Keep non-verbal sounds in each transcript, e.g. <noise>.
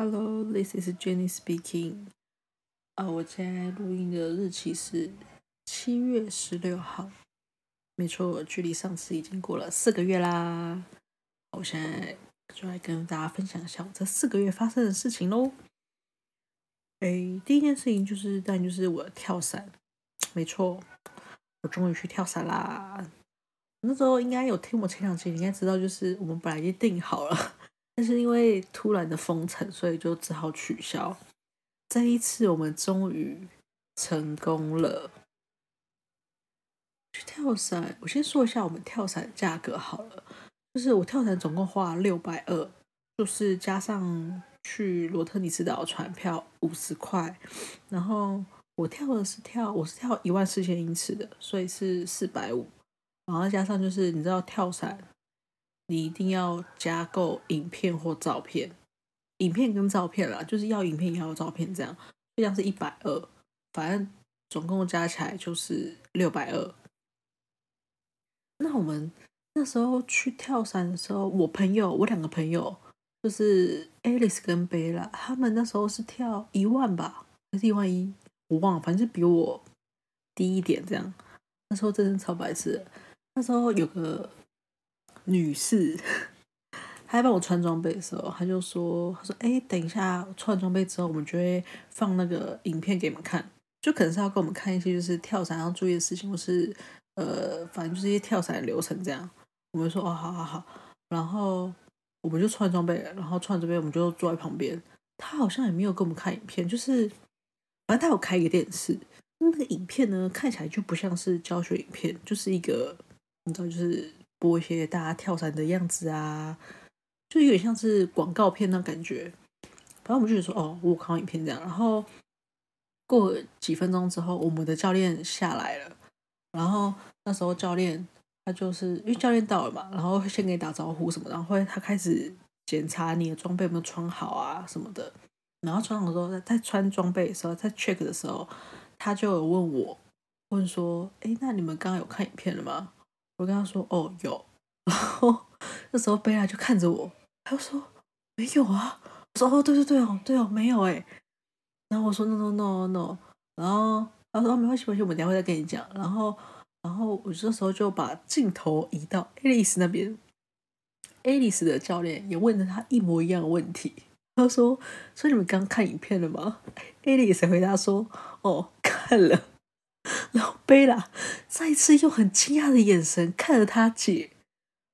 Hello, this is Jenny speaking. 啊，我現在錄音的日期是七月十六號，沒錯，我距離上次已經過了四個月啦。啊，我現在就來跟大家分享一下我這四個月發生的事情嘍。誒，第一件事情就是，當然就是我跳傘，沒錯，我終於去跳傘啦。那時候應該有聽我前兩集，你應該知道，就是我們本來就定好了。但是因為突然的封城，所以就只好取消。這一次我們終於成功了，去跳傘。我先說一下我們跳傘價格好了，就是我跳傘總共花了六百二，就是加上去羅特尼斯島船票五十塊，然後我跳的是跳我是跳一萬四千英尺的，所以是四百五，然後加上就是你知道跳傘。你一定要加購影片或照片，影片跟照片啦，就是要影片也要照片，這樣這樣是一百二，反正總共加起來就是六百二。那我們那時候去跳傘的時候，我朋友，我兩個朋友就是 Alice 跟 Bella，他們那時候是跳一萬吧，還是一萬一，我忘了，反正就比我低一點這樣。那時候真的超白痴，那時候有個。女士，她幫我穿裝備的時候，她就說：“她說，哎，等一下，我穿完裝備之後，我們就會放那個影片給你們看。就可能是要給我們看一些，就是跳傘要注意的事情，或是呃，反正就是一些跳傘的流程這樣。”我們就說：“哦，好好好。”然後我們就穿裝備了，然後穿這邊，我們就坐在旁邊。他好像也沒有給我們看影片，就是反正他有開一個電視。那個影片呢，看起來就不像是教學影片，就是一個你知道，就是。播一些大家跳傘的樣子啊，就有點像是廣告片那感覺。反正我們就說：“哦，我看影片這樣。”然後過了幾分鐘之後，我們的教練下來了。然後那時候教練他就是因為教練到了嘛，然後先給你打招呼什麼的，然後會他開始檢查你的裝備有沒有穿好啊什麼的。然後穿好的時候，在穿裝備的時候，在 check 的時候，他就有問我，問說：“誒、欸，那你們剛剛有看影片了嗎？”我跟他說：“哦，有。”然後那時候貝拉就看着我，他說：“沒有啊。”我說：“哦，對對對哦，對哦，沒有哎。”然後我說：“no no no no。”然後他說：“沒關係，沒關係，我們待會再跟你講。”然後，然後我這時候就把鏡頭移到愛麗絲那邊，愛麗絲的教練也問了她一模一樣的問題。他說：“所以你們剛剛看影片了嗎？”愛麗絲回答說：“哦，看了。”然後貝拉再一次用很驚訝的眼神看着他姐，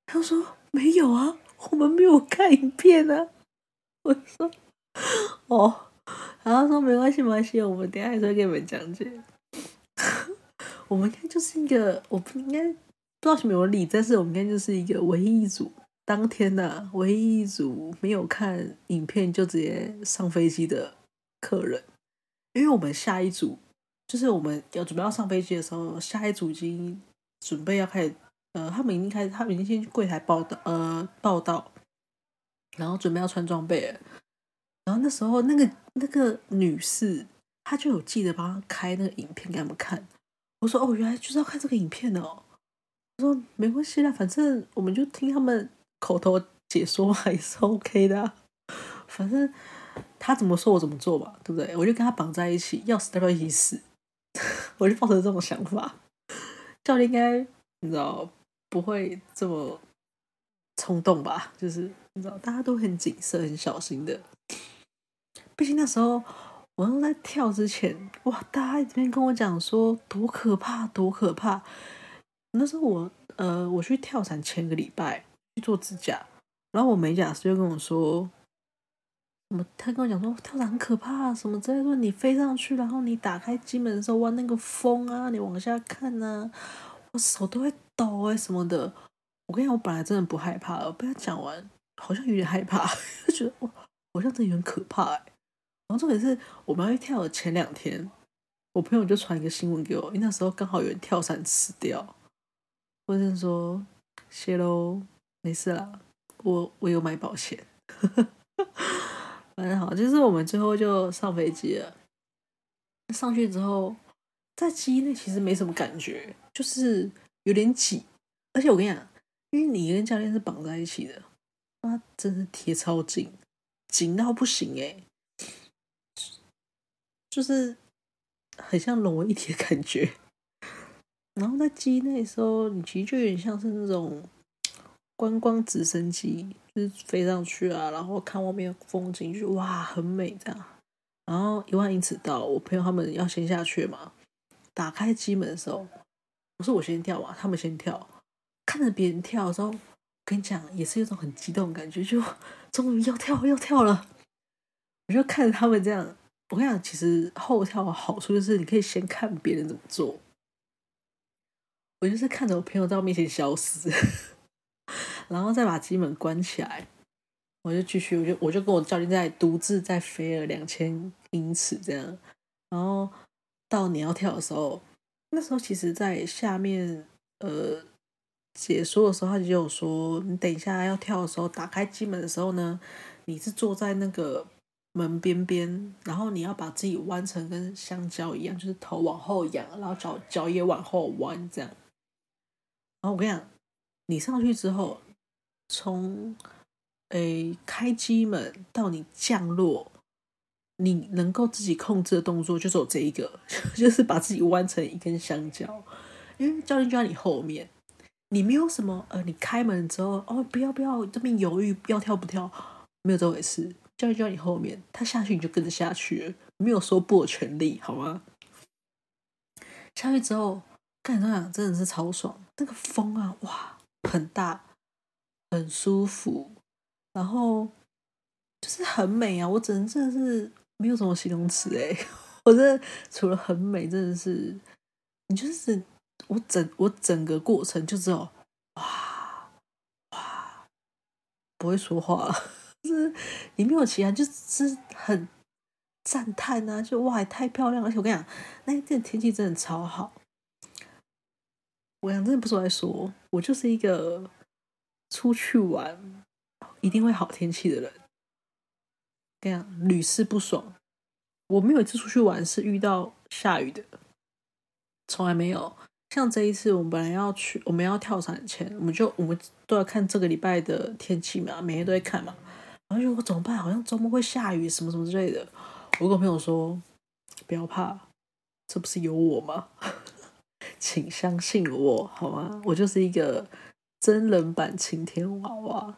他說：“沒有啊，我們沒有看影片啊。”我說：“哦。”然後他說：“沒關係，沒關係，我們等一下也會給你們講解。 <laughs> ”我們應該就是一個，我不應該，不知道什麼原理，但是我們應該就是一個唯一一組當天的、啊、唯一一組沒有看影片就直接上飛機的客人，因為我們下一組。就是我們要準備要上飛機的時候，下一組已經準備要開始。呃，他們已經開始，他們已經先去櫃台報到，呃，報到，然後準備要穿裝備。然後那時候，那個那個女士，她就有記得幫她開那個影片給他們看。我說哦，原來就是要看這個影片哦。我說沒關係啦，反正我們就聽他們口頭解說嘛，也是 OK 的啊。反正他怎麼說，我怎麼做吧，對不對？我就跟他綁在一起，要死都要一起死。我就抱着這種想法，教練應該你知道不會這麼衝動吧？就是你知道大家都很謹慎、很小心的。畢竟那時候我剛在跳之前，哇，大家一直跟我講說多可怕、多可怕。那時候我呃，我去跳傘前個禮拜去做指甲，然後我美甲師就跟我說。什麼？他跟我講說跳傘很可怕，啊，什麼之類的。說你飛上去，然後你打開機門的時候，哇，那個風啊，你往下看啊，我手都會抖哎、欸，什麼的。我跟你講，我本來真的不害怕，我被他講完，好像有點害怕， <laughs> 我覺得哇，好像真的有點可怕，欸。然後重點是我們要去跳的前兩天，我朋友就傳一個新聞給我，因為那時候剛好有人跳傘死掉。或者是說，謝嘍，沒事啦，我我有買保險。 <laughs> 反正好，就是我們最後就上飛機了。上去之後，在機內其實沒什麼感覺，就是有點擠。而且我跟你講，因為你跟教練是綁在一起的，他真是貼超緊，緊到不行誒。就是很像融為一體的感覺。然後在機內的時候，你其實就有點像是那種。觀光直升機就是飛上去啊，然後看外面風景就，就哇，很美這樣。然後一萬英尺到，我朋友他們要先下去嘛。打開機門的時候，不是我先跳嘛，他們先跳。看着別人跳的時候，跟你講，也是一種很激動的感覺，就終於要跳了，要跳了。我就看着他們這樣。我跟你講，其實後跳的好處就是你可以先看別人怎麼做。我就是看着我朋友在我面前消失。然後再把機門關起來，我就繼續，我就我就跟我教練在獨自在飛了兩千英尺這樣，然後到你要跳的時候，那時候其實在下面呃解說的時候，他就有說，你等一下要跳的時候，打開機門的時候呢，你是坐在那個門邊邊，然後你要把自己彎成跟香蕉一樣，就是頭往後仰，然後腳腳也往後彎這樣。然後我跟你講，你上去之後。從誒、欸，開機門到你降落，你能夠自己控制的動作就只有這一個，就是把自己彎成一根香蕉。因為教練就在你後面，你沒有什麼呃，你開門之後哦，不要不要，這邊猶豫要跳不跳，沒有這回事。教練就在你後面，他下去你就跟着下去，沒有說不的權利，好嗎？下去之後，跟你講，真的是超爽，那個風啊，哇，很大。很舒服，然後就是很美啊！我真的真的是沒有什麼形容詞誒、欸，我真的除了很美，真的是你就是整我整我整個過程就只有哇哇，不會說話了，就是也沒有其他，就是很讚嘆啊，就哇，太漂亮了！而且我跟你講，那一天天氣真的超好，我想真的不說來說，我就是一個。出去玩一定會好天氣的人，這樣屢試不爽。我沒有一次出去玩是遇到下雨的，從來沒有。像這一次，我們本來要去，我們要跳傘前，我們就我們都要看這個禮拜的天氣嘛，每天都會看嘛。然後就我怎麼辦？好像周末會下雨，什麼什麼之類的。我跟我朋友說：“不要怕，這不是有我嗎？ <laughs> 請相信我，好嗎？我就是一個。”真人版晴天娃娃，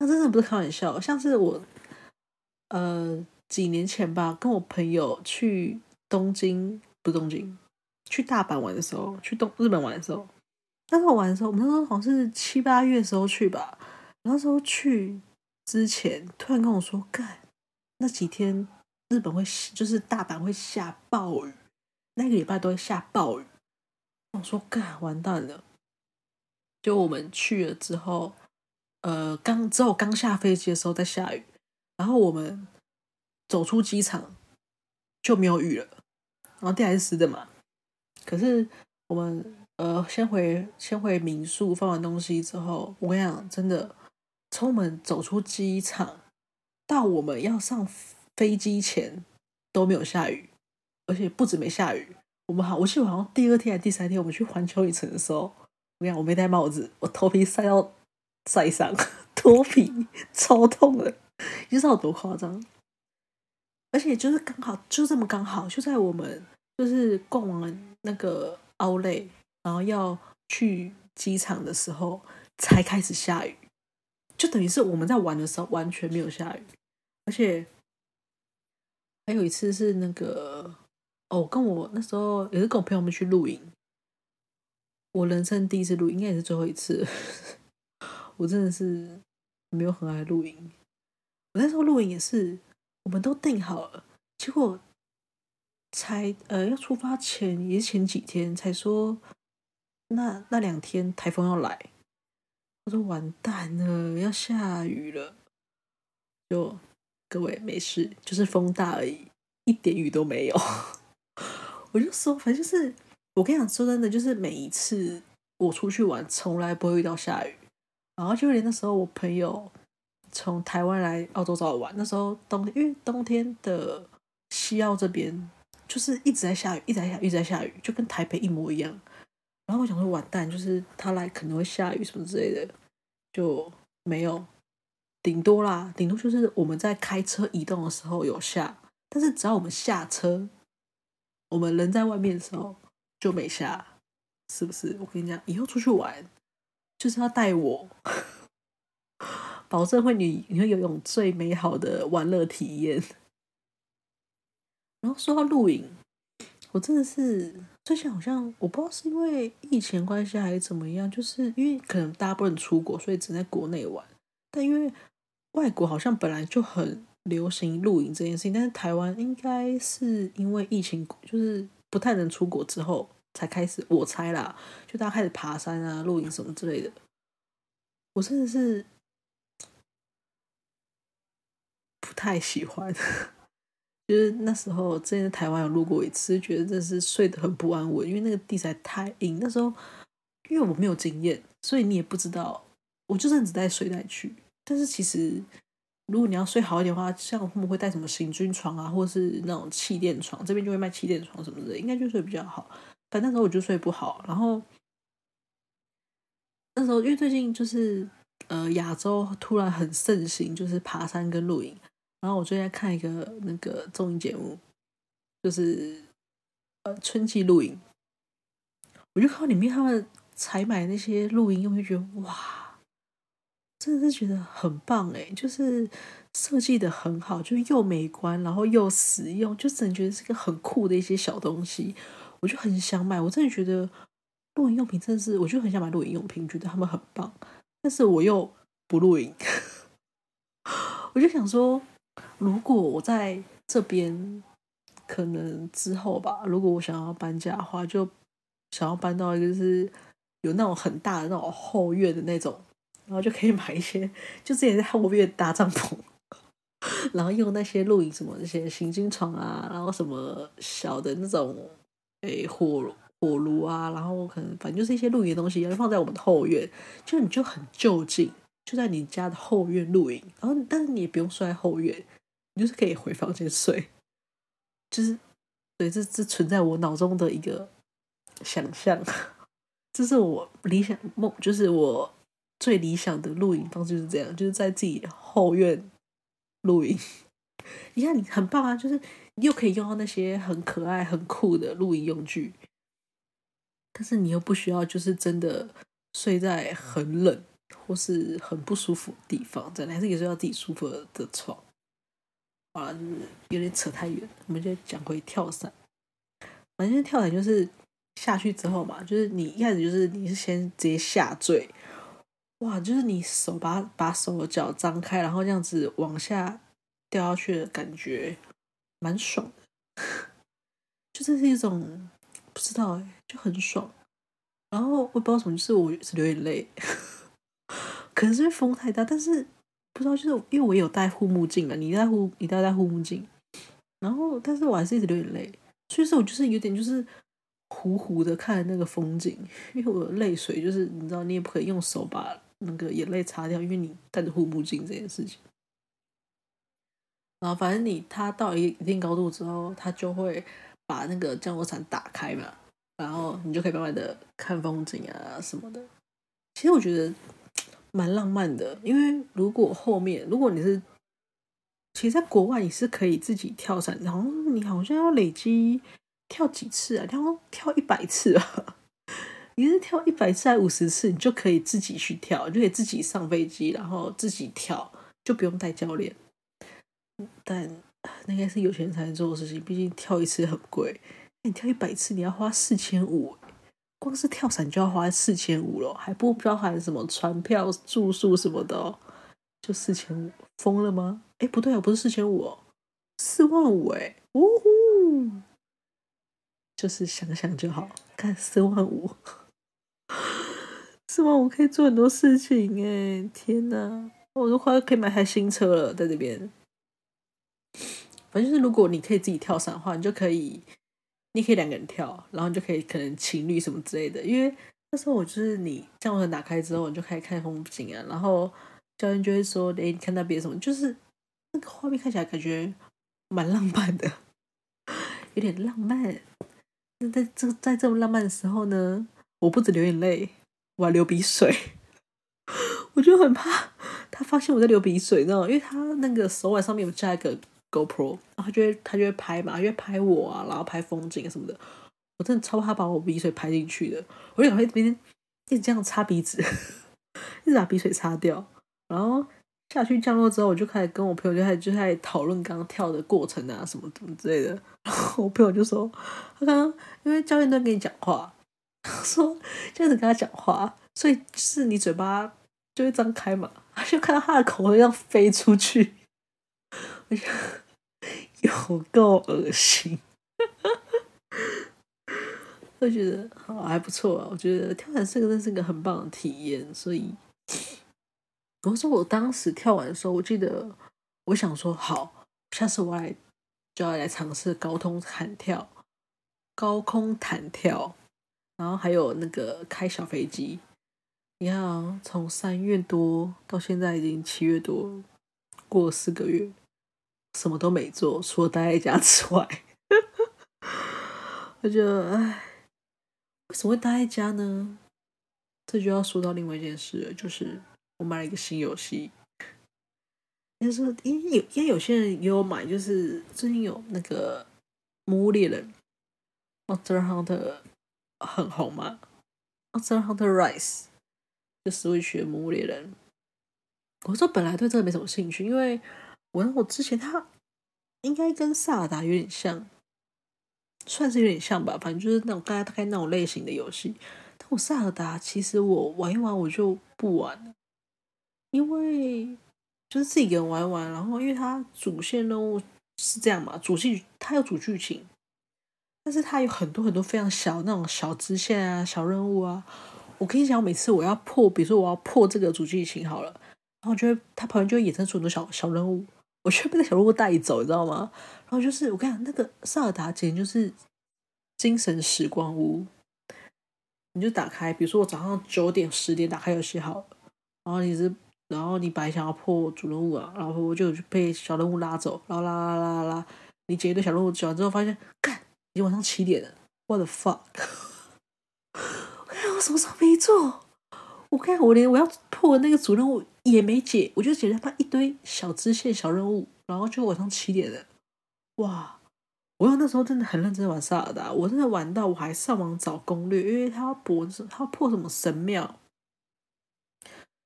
那真的不是開玩笑。像是我，呃，幾年前吧，跟我朋友去東京，不東京，去大阪玩的時候，去東日本玩的時候，那時候玩的時候，我們那時候好像是七八月的時候去吧。那時候去之前，突然跟我說：“幹，那幾天日本會，就是大阪會下暴雨，那個禮拜都會下暴雨。”我說：“幹，完蛋了。”就我們去了之後，呃，剛之後剛下飛機的時候在下雨，然後我們走出機場就沒有雨了，然後地還是濕的嘛。可是我們呃，先回先回民宿放完東西之後，我跟你講，真的，從我們走出機場到我們要上飛機前都沒有下雨，而且不止沒下雨，我們好，我記得好像第二天還第三天，我們去環球影城的時候。你看，我沒戴帽子，我頭皮曬到曬傷、脫皮，超痛的，你知道有多誇張？而且就是剛好，就這麼剛好，就在我們就是逛完那個奧萊，然後要去機場的時候，才開始下雨。就等於是我們在玩的時候完全沒有下雨，而且還有一次是那個哦，跟我那時候也是跟我朋友們去露營。我人生第一次露營，應該也是最後一次。 <laughs> 我真的是沒有很愛露營。我那時候露營也是，我們都定好了，結果才呃，要出發前也是前幾天才說，那那兩天颱風要來，我說完蛋了，要下雨了。就各位沒事，就是風大而已，一點雨都沒有。 <laughs> 我就說，反正就是。我跟你講，說真的，就是每一次我出去玩，從來不會遇到下雨。然後就連那時候，我朋友從台灣來澳洲找我玩，那時候冬天，因為冬天的西澳這邊就是一直在下雨，一直在下雨，一直在下雨，就跟台北一模一樣。然後我想說，完蛋，就是他來可能會下雨什麼之類的，就沒有。頂多啦，頂多就是我們在開車移動的時候有下，但是只要我們下車，我們人在外面的時候。就沒下，是不是？我跟你講，以後出去玩就是要帶我呵呵，保證會你你會擁有最美好的玩樂體驗。然後說到露營，我真的是最近好像我不知道是因為疫情關係還是怎麼樣，就是因為可能大家不能出國，所以只能在國內玩。但因為外國好像本來就很流行露營這件事情，但是台灣應該是因為疫情就是。不太能出國之後才開始，我猜啦，就大家開始爬山啊、露營什麼之類的。我真的是不太喜歡， <laughs> 就是那時候之前在台灣有露過一次，覺得真的是睡得很不安穩，因為那個地才太硬。那時候因為我沒有經驗，所以你也不知道，我就是只帶睡袋去，但是其實。如果你要睡好一點的話，像我父母會帶什麼行軍床啊，或者是那種氣墊床，這邊就會賣氣墊床什麼的，應該就睡比較好。反正那時候我就睡不好，然後那時候因為最近就是呃亞洲突然很盛行，就是爬山跟露營，然後我最近在看一個那個綜藝節目，就是呃春季露營，我就看裡面他們採買那些露營用品就覺得哇。真的是覺得很棒誒，就是設計的很好，就又美觀，然後又實用，就真覺得是一個很酷的一些小東西。我就很想買，我真的覺得露營用品真的是，我就很想買露營用品，覺得他們很棒。但是我又不露營， <laughs> 我就想說，如果我在這邊，可能之後吧，如果我想要搬家的話，就想要搬到一個就是有那種很大的那種後院的那種。然後就可以買一些，就之前在後院搭帳篷，然後用那些露營什麼那些行軍床啊，然後什麼小的那種誒、哎、火火爐啊，然後可能反正就是一些露營的東西，放在我們的後院，就你就很就近，就在你家的後院露營，然後但是你也不用睡在後院，你就是可以回房間睡，就是，對，這是這是存在我腦中的一個想象，這是我理想的夢，就是我。最理想的露營方式就是這樣，就是在自己後院露營。你看，你很棒啊，就是你又可以用到那些很可愛、很酷的露營用具，但是你又不需要，就是真的睡在很冷或是很不舒服的地方，真的還是可以睡到自己舒服的床。好了，就是有點扯太遠，我們就講回跳傘。反正跳傘就是下去之後嘛，就是你一開始就是你是先直接下墜。哇，就是你手把把手的腳張開，然後這樣子往下掉下去的感覺，蠻爽的。 <laughs> 就這是一種不知道誒，就很爽。然後我不知道什麼，就是我一直流眼淚， <laughs> 可能是因為風太大，但是不知道就是因為我有戴護目鏡嘛。你戴護，你戴戴護目鏡。然後，但是我還是一直流眼淚，所以說我就是有點就是糊糊的看那個風景，因為我的淚水就是你知道，你也不可以用手把。那個眼淚擦掉，因為你戴着護目鏡這件事情。然後，反正你他到一一定高度之後，他就會把那個降落傘打開嘛，然後你就可以慢慢的看風景啊什麼的。其實我覺得蠻浪漫的，因為如果後面如果你是，其實在國外你是可以自己跳傘，然後你好像要累積跳幾次啊？然後跳跳一百次啊？你是跳一百次還五十次？你就可以自己去跳，你就可以自己上飛機，然後自己跳，就不用帶教練。但那應該是有錢才能做的事情，畢竟跳一次很貴，欸。你跳一百次，你要花四千五，光是跳傘就要花四千五了，還不包含什麼船票、住宿什麼的。喔，就四千五，瘋了嗎？哎、欸，不對啊，不是四千五哦，四萬五哎，嗚呼，就是想想就好，看四萬五。4, 是嗎？我可以做很多事情哎！天哪，我都快要可以買台新車了，在這邊。反正就是，如果你可以自己跳傘的話，你就可以，你可以兩個人跳，然後你就可以可能情侶什麼之類的。因為那時候我就是你降落傘打開之後，你就可以看風景啊。然後教練就會說：“誒、欸，你看那邊什麼？”就是那個畫面看起來感覺蠻浪漫的，有點浪漫。那在這在這麼浪漫的時候呢，我不止流眼淚。我要流鼻水， <laughs> 我就很怕他發現我在流鼻水，你知道嗎？因為他那個手腕上面有加一個 GoPro，然後他就會，他就會拍嘛，因為拍我啊，然後拍風景什麼的。我真的超怕把我鼻水拍進去的，我就每邊一,一直這樣擦鼻子， <laughs> 一直把鼻水擦掉。然後下去降落之後，我就開始跟我朋友就開始就在討論剛剛跳的過程啊，什麼什麼之類的。然 <laughs> 後我朋友就說：“他剛剛因為教練在跟你講話。”說，這樣子跟他講話，所以是你嘴巴就會張開嘛，就看到他的口紅要飛出去，我想有夠噁心，哈哈哈。我覺得好、啊、還不錯啊，我覺得跳傘是一個真是一個很棒的體驗。所以，我說我當時跳完的時候，我記得我想說，好，下次我來就要來嘗試高空彈跳、高空彈跳。然後還有那個開小飛機，你看，從三月多到現在已經七月多了，過了四個月，什麼都沒做，除了待在家之外， <laughs> 我就唉，為什麼會待在家呢？這就要說到另外一件事了，就是我買了一個新遊戲，但、就是因因為有些人給我買，就是最近有那個《魔物獵人 m o n s t 很紅嗎？Monster Hunter Rise，就《Switch 的魔物獵人》。我說本來對這個沒什麼興趣，因為我我之前他應該跟薩爾達有點像，算是有點像吧。反正就是那種大概大概那種類型的遊戲。但我薩爾達其實我玩一玩我就不玩了，因為就是自己一個人玩一玩。然後因為它主線任務是這樣嘛，主線，它有主劇情。但是它有很多很多非常小那種小支線啊、小任務啊。我跟你講，每次我要破，比如說我要破這個主劇情好了，然後就會它旁邊就會衍生出很多小小任務，我就會被那小任務帶走，你知道嗎？然後就是我跟你講，那個薩爾達簡直就是精神時光屋。你就打開，比如說我早上九點、十點打開遊戲好了，然後你是，然後你本來想要破主任務啊，然後我就被小任務拉走，然後拉拉拉拉拉，你撿一堆小任務撿完之後發現，幹。已經晚上七點了，What the fuck？我 <laughs> 看我什麼時候沒做？我看我連我要破那個主任務也沒解，我就解了他一堆小支線小任務，然後就晚上七點了。哇！我那時候真的很認真玩《薩爾達》，我真的玩到我還上網找攻略，因為他要破什麼，他要破什麼神廟，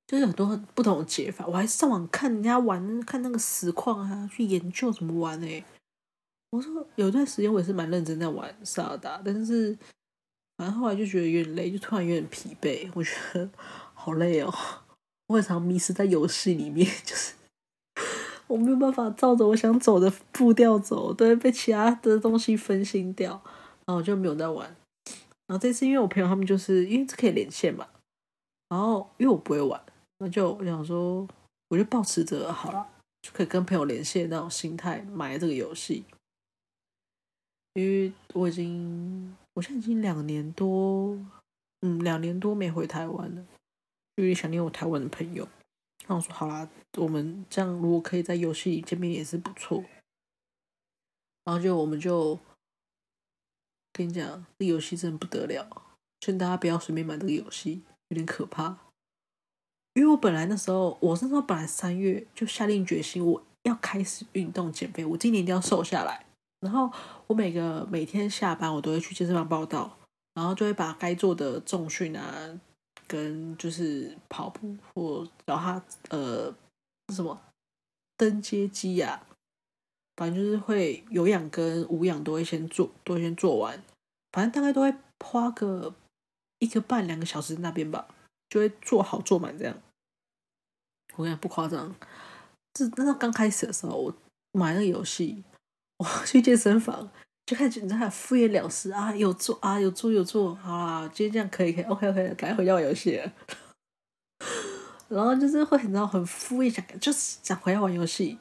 就是很多不同的解法，我還上網看人家玩，看那個實況啊，去研究怎麼玩哎、欸。我說有段時間我也是蠻認真在玩《薩爾達》，但是反正後來就覺得有點累，就突然有點疲憊。我覺得好累哦，我很常迷失在遊戲裡面，就是我沒有辦法照着我想走的步調走，對，被其他的東西分心掉，然後就沒有在玩。然後這次因為我朋友他們就是因為這可以連線嘛，然後因為我不會玩，那就想說我就保持着了好了，就可以跟朋友連線的那種心態買這個遊戲。因為我已經，我現在已經兩年多，嗯，兩年多沒回台灣了，有點想念我台灣的朋友。然後我說：“好啦，我們這樣如果可以在遊戲裡見面也是不錯。”然後就我們就跟你講，這個遊戲真的不得了，勸大家不要隨便買這個遊戲，有點可怕。因為我本來那時候，我那時候本來三月就下定決心，我要開始運動減肥，我今年一定要瘦下來。然後我每個每天下班，我都會去健身房報到，然後就會把該做的重訓啊，跟就是跑步或找他呃什麼登階機呀、啊，反正就是會有氧跟無氧，都會先做，都會先做完，反正大概都會花個一個半兩個小時那邊吧，就會做好做滿這樣。我跟你講不誇張，這那時候剛開始的時候，我買那個遊戲。我去健身房，就看你在那敷衍了事啊，有做啊，有做有做，好啦，今天這樣可以，可以，OK OK，趕快回家玩遊戲。 <laughs> 然後就是會很很敷衍，想就是想回家玩遊戲，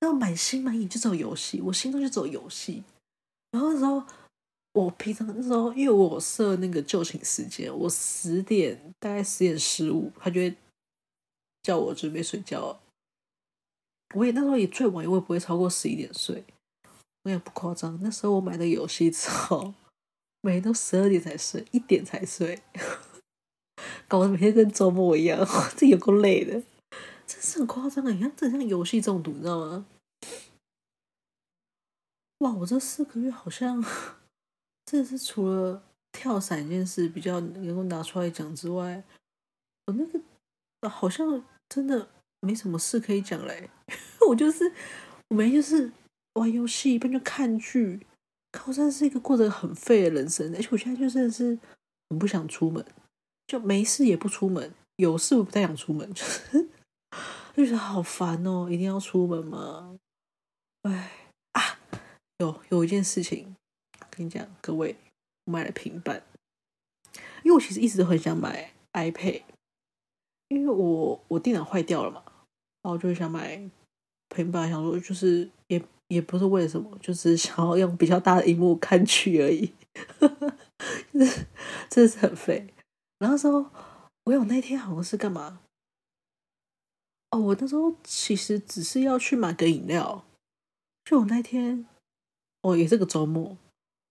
然後滿心滿意就走遊戲，我心中就走遊戲。然後那時候我平常那時候因為我設那個就寢時間，我十點大概十點十五，他就會叫我準備睡覺。我也那時候也最晚，我也不會超過十一點睡。也不誇張，那時候我買的遊戲之後，每天都十二點才睡，一點才睡，搞得每天跟周末一樣，這也夠累的，這是很誇張的，你看，這像遊戲中毒，你知道嗎？哇，我這四個月好像，這是除了跳傘這件事比較能夠拿出來講之外，我、哦、那個好像真的沒什麼事可以講嘞，我就是，我每天就是。玩遊戲，一邊就看劇，好像是一個過得很廢的人生，而且我現在就真的是很不想出門，就沒事也不出門，有事我不太想出門，就是就覺得好煩哦，一定要出門嗎？哎啊，有有一件事情，我跟你講，各位，我買了平板，因為我其實一直都很想買 iPad，因為我我電腦壞掉了嘛，然後我就想買平板，想說就是也。也不是為什麼，就是想要用比較大的熒幕看劇而已。真 <laughs> 的是，是很廢。然後說，我有那天好像是幹嘛？哦，我那時候其實只是要去買個飲料。就我那天，哦，也是個周末，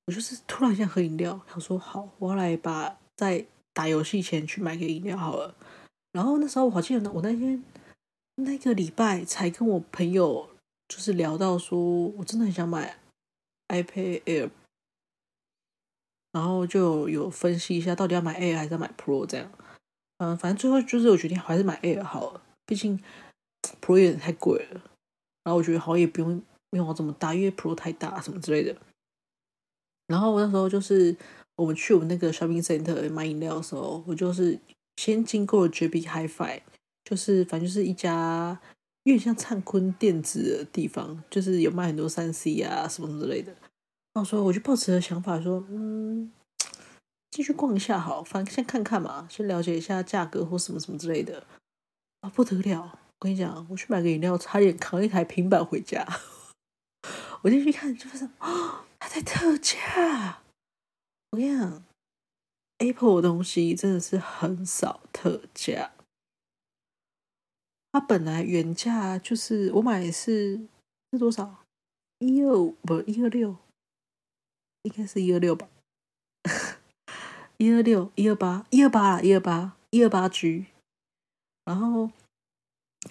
我就是突然想喝飲料，然後說好，我要來把在打遊戲前去買個飲料好了。然後那時候我好記得，我那天那個禮拜才跟我朋友。就是聊到說，我真的很想買 iPad Air，然後就有分析一下到底要買 Air 還是要買 Pro 這樣。嗯，反正最後就是我決定還是買 Air 好了，畢竟 Pro 有點太貴了。然後我覺得好像也不用用我這麼大，因為 Pro 太大什麼之類的。然後我那時候就是我們去我們那個 shopping center 買飲料的時候，我就是先經過了 JB Hi-Fi，就是反正就是一家。因為像燦坤電子的地方，就是有賣很多三 C 啊什麼什麼之類的。然後我說，我就抱持的想法說，嗯，進去逛一下好，反正先看看嘛，先了解一下價格或什麼什麼之類的。啊、哦，不得了！我跟你講，我去買個飲料，差點扛一台平板回家。 <laughs> 我進去看，就是哦，它在特價。我跟你講，Apple 的東西真的是很少特價。它本來原價就是我買的是是多少？一二五，不，一二六，6, 應該是一二六吧？一二六一二八一二八啦，一二八一二八 G，然後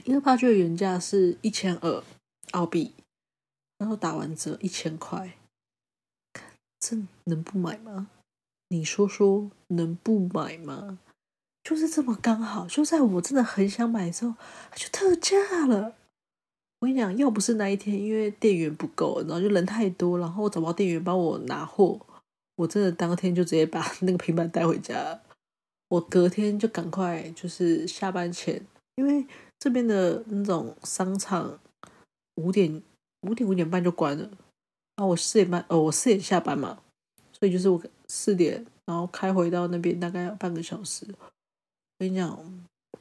一二八 G 的原價是一千二澳幣，然後打完折一千塊，這能不買嗎？你說說能不買嗎？就是這麼剛好，就在我真的很想買的時候，就特價了。我跟你講，要不是那一天，因為店員不夠，然後就人太多，然後我找不到店員幫我拿貨，我真的當天就直接把那個平板帶回家。我隔天就趕快，就是下班前，因為這邊的那種商場五點五點五點半就關了，然後我四點半，呃、哦，我四點下班嘛，所以就是我四點，然後開回到那邊大概要半個小時。我跟你講，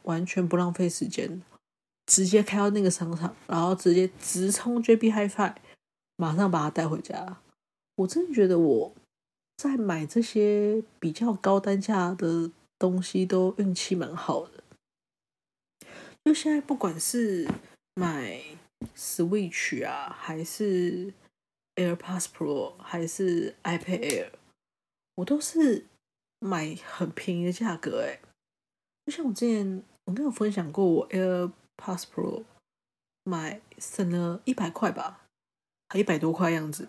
完全不浪費時間，直接開到那個商場，然後直接直衝 JB Hi-Fi，馬上把它帶回家。我真的覺得我在買這些比較高單價的東西都運氣蠻好的。就現在不管是買 Switch 啊，還是 AirPods Pro，還是 iPad Air，我都是買很便宜的價格、欸，誒。就像我之前，我跟你分享過，我 AirPods Pro 買省了一百塊吧，還一百多塊樣子。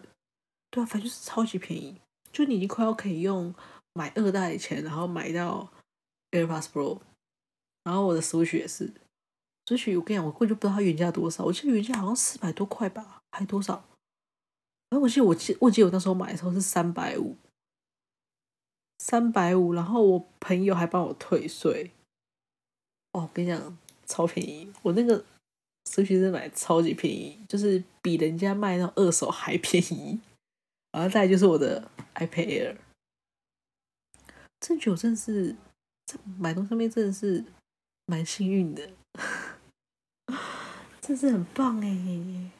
對啊，反正就是超級便宜，就你一塊要可以用買二代的錢，然後買到 AirPods Pro。然後我的 Switch 也是，Switch，所以我跟你講，我根本就不知道它原價多少。我記得原價好像四百多塊吧，還多少？反正我記得，我我記得我那時候買的時候是三百五，三百五。然後我朋友還幫我退稅。哦，我跟你講，超便宜！我那個實習生買超級便宜，就是比人家賣到二手還便宜。然後再就是我的 iPad Air，這就真的是這買東西上面真的是蠻幸運的，呵呵真的是很棒誒。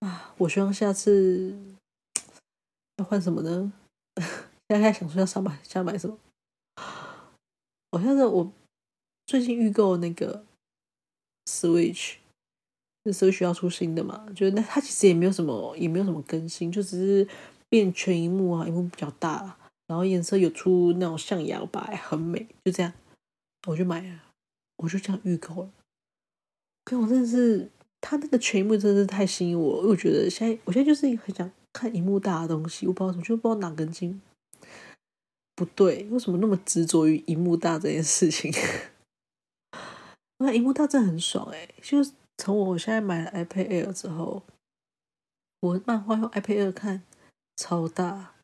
啊，我希望下次要換什麼呢？現在，在想說要上買，想買什麼？好像是我。最近預購那個 Switch，那 Switch 要出新的嘛？就那它其實也沒有什麼，也沒有什麼更新，就只是變全螢幕啊，螢幕比較大，然後顏色有出那種象牙白，很美，就這樣，我就買了，我就這樣預購了。可是我真的是，它那個全螢幕真的是太吸引我，我覺得現在我現在就是很想看螢幕大的東西，我不知道什麼，我就是、不知道哪根筋不對，為什麼那麼執着於螢幕大這件事情？那熒幕大戰很爽誒、欸、就是從我現在買了 iPad Air 之後，我漫畫用 iPad Air 看超大，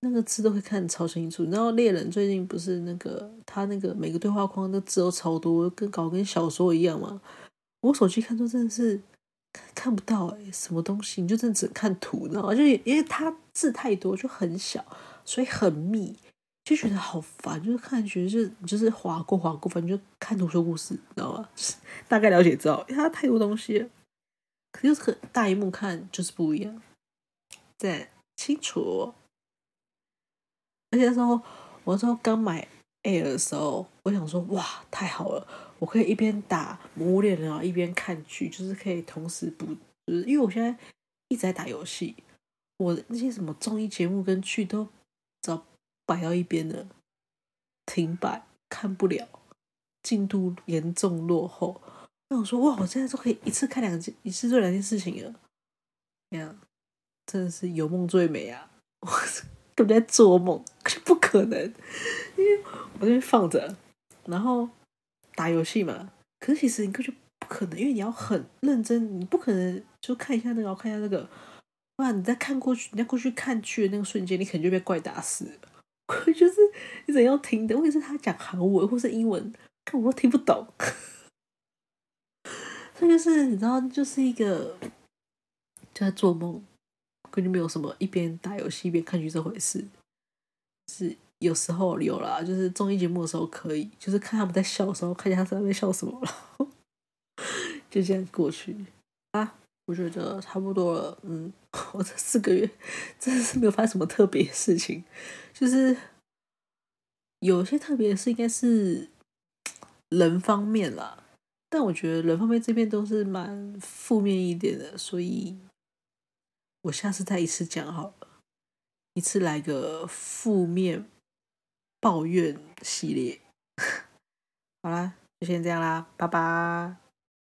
那個字都會看得超清楚。然後獵人最近不是那個他那個每個對話框的字都超多，跟搞跟小說一樣嘛。我手機看出真的是看,看不到誒、欸、什麼東西你就真的只能看圖，然後就因為它字太多，就很小，所以很密。就覺得好煩，就是看，覺得是就是滑、就是、過滑過，反正就是、看圖說故事，你知道吧 <laughs> 大概了解之後，因為它太多東西了，可是，就是很大熒幕看就是不一樣，對，清楚、哦。而且那時候，我說剛買 Air 的時候，我想說哇，太好了，我可以一邊打《魔物獵人》啊，一邊看劇，就是可以同時補就是因為我現在一直在打遊戲，我那些什麼綜藝節目跟劇都只要。擺到一邊的停擺，看不了，進度嚴重落後。那我說哇，我現在都可以一次看兩件，一次做兩件事情了。這樣真的是有夢最美啊！我都在做夢，可是不可能，因為我在這邊放着，然後打遊戲嘛。可是其實你過去不可能，因為你要很認真，你不可能就看一下那個，我看一下那個。哇，你在看過去，你在過去看劇的那個瞬間，你可能就被怪打死。我就是一直要聽的，問題是他講韓文或是英文，看我都聽不懂。 <laughs> 所以就是你知道，就是一個就在做夢，根本就沒有什麼一邊打遊戲一邊看劇這回事。就是有時候有啦，就是綜藝節目的時候可以，就是看他們在笑的時候，看見他們在笑什麼了， <laughs> 然後就這樣過去啊。我覺得差不多了，嗯，我這四個月真的是沒有發生什麼特別的事情，就是有些特別的事應該是人方面啦。但我覺得人方面這邊都是蠻負面一點的，所以我下次再一次講好了，一次來個負面抱怨系列，好啦，就先這樣啦，拜拜。